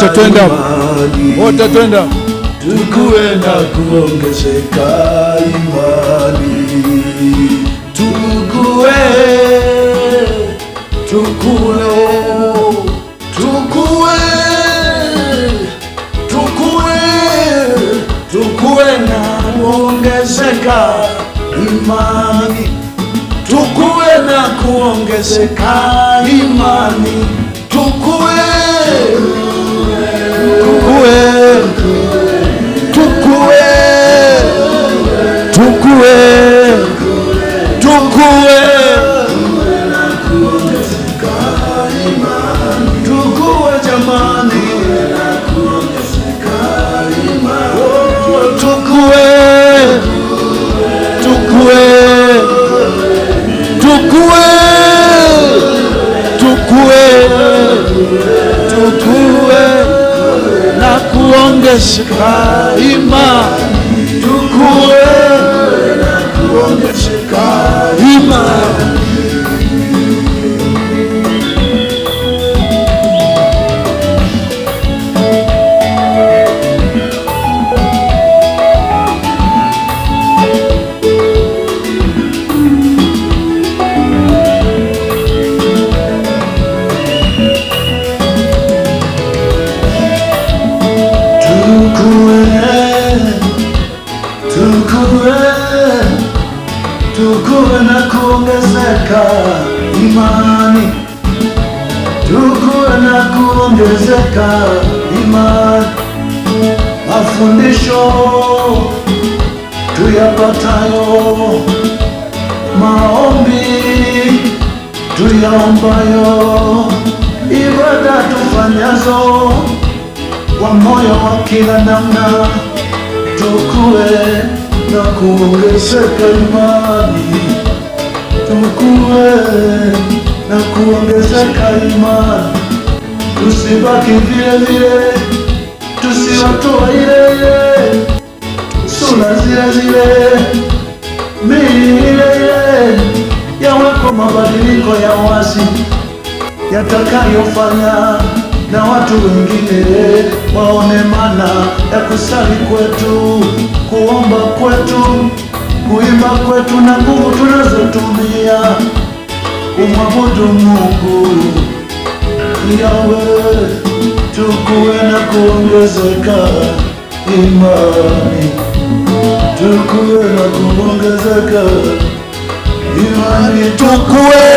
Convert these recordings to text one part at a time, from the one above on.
wote twenda wote twenda tukue na kuongezeka imani, tukue tukue tukue tukue tukue na kuongezeka imani, tukue na kuongezeka imani, tukue tukue tukue tukue tuongeze kwa imani tukue tuwe na kuongezeka imani, tuwe na kuongezeka imani. Mafundisho tuyapatayo, maombi tuyaombayo, ibada tufanyazo kwa moyo wa kila namna, tukue na kuongezeka imani, tukue na kuongezeka imani, tusibaki vile vile, tusiwatoa ile ile sura zile zile, miili ile ile, yaweko mabadiliko ya wazi yatakayofanya na watu wengine waone maana ya kusali kwetu, kuomba kwetu, kuimba kwetu na nguvu tunazotumia kumwabudu Mungu. Yawe tukuwe na kuongezeka imani, tukuwe na kuongezeka imani, tukuwe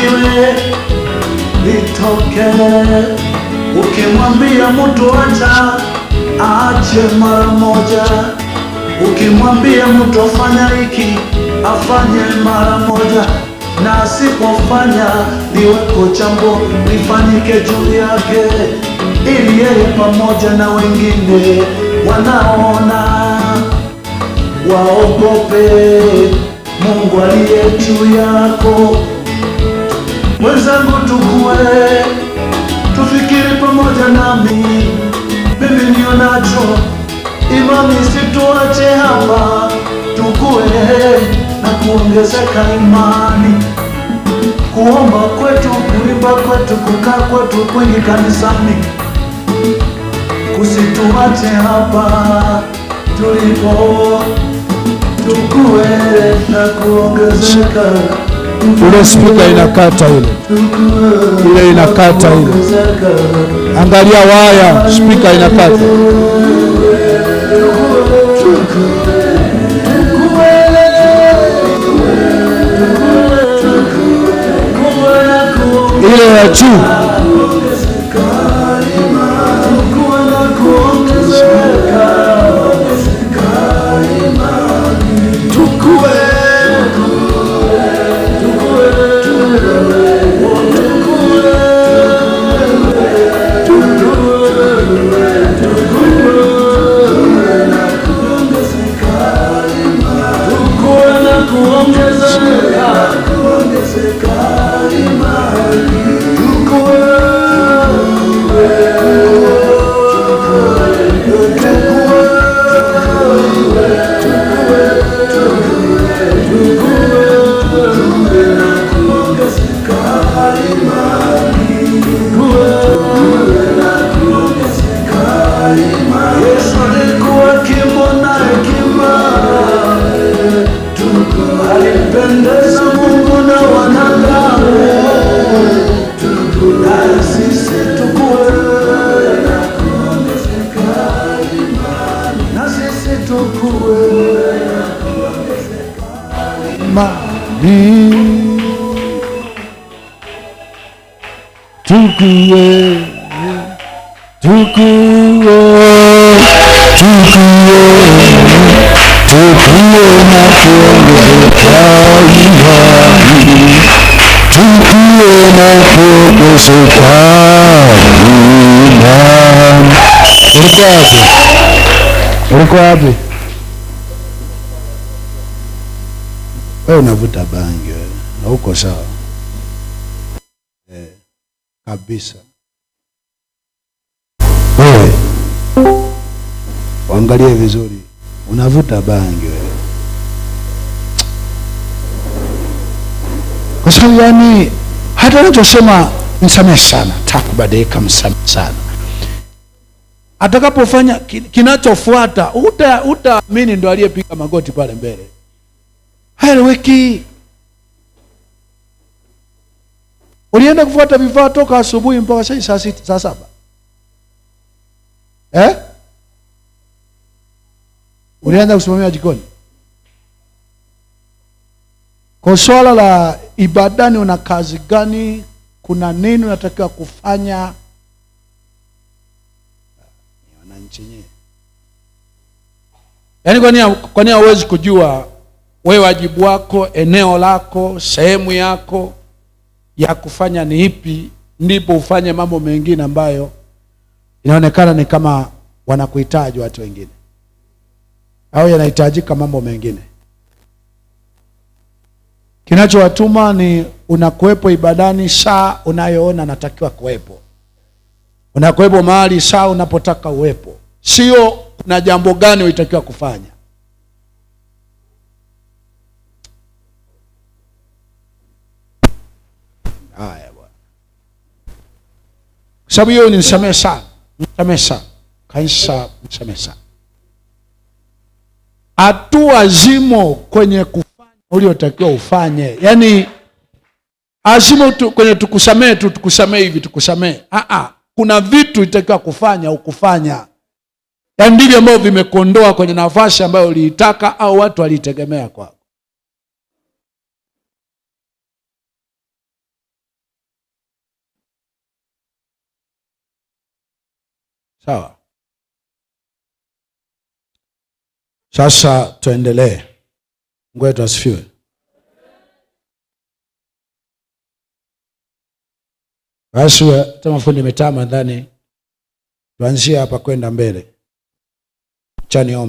liwe litoke. Ukimwambia mtu acha, aache mara moja. Ukimwambia mtu afanya hiki, afanye mara moja, na asipofanya liweko jambo lifanyike juu yake, ili yeye pamoja na wengine wanaona waogope Mungu aliye juu yako mwenzangu, tukue tufikiri pamoja nami, mimi nionacho imani, situache hapa, tukue na kuongezeka imani, kuomba kwetu, kuimba kwetu, kukaa kwetu kwenye kanisani, kusituache hapa tulipo, tukue na kuongezeka Ule spika inakata ile, ile inakata ile, angalia waya, spika inakata ile ya juu Anampendeza Mungu na wanadamu, na sisi tukue, na sisi tukue imani, tukue, tukue, tukue tukiona kuongozeka imani, tukiona imani. Ulikuwa wapi? Ulikuwa wapi? Wewe unavuta bangi wewe, sawa eh, kabisa wewe, waangalie vizuri unavuta bangi wewe, kwa sababu yani hata anachosema msamehe sana, takubadilika, msamehe sana atakapofanya kinachofuata, uta utaamini ndo aliyepiga magoti pale mbele. Haeleweki, ulienda kufuata vifaa toka asubuhi mpaka saa sita saa saba eh? unaenda kusimamia jikoni. Kwa swala la ibadani, una kazi gani? Kuna nini unatakiwa kufanya? Wananchi nyewe, yaani kwa nini kwa nini hauwezi kujua wewe wajibu wako, eneo lako, sehemu yako ya kufanya ni ipi, ndipo ufanye mambo mengine ambayo inaonekana ni kama wanakuhitaji watu wengine au yanahitajika mambo mengine? Kinachowatuma ni unakuwepo ibadani saa unayoona natakiwa kuwepo, unakuwepo mahali saa unapotaka uwepo, sio kuna jambo gani ulitakiwa kufanya. Haya bwana, sababu hiyo, nisamehe sana, nisamehe sana kanisa, nisamehe sana hatua zimo kwenye kufanya uliotakiwa ufanye. Yani azimo ah, tu, kwenye tukusamee tu tukusamee hivi tukusamee, ah, ah, kuna vitu itakiwa kufanya ukufanya, yani ndivyo ambavyo vimekondoa kwenye nafasi ambayo uliitaka au watu walitegemea kwako. Sawa. Sasa tuendelee. Mungu wetu asifiwe. Basi kama fundi mitambo, nadhani tuanzie hapa kwenda mbele chani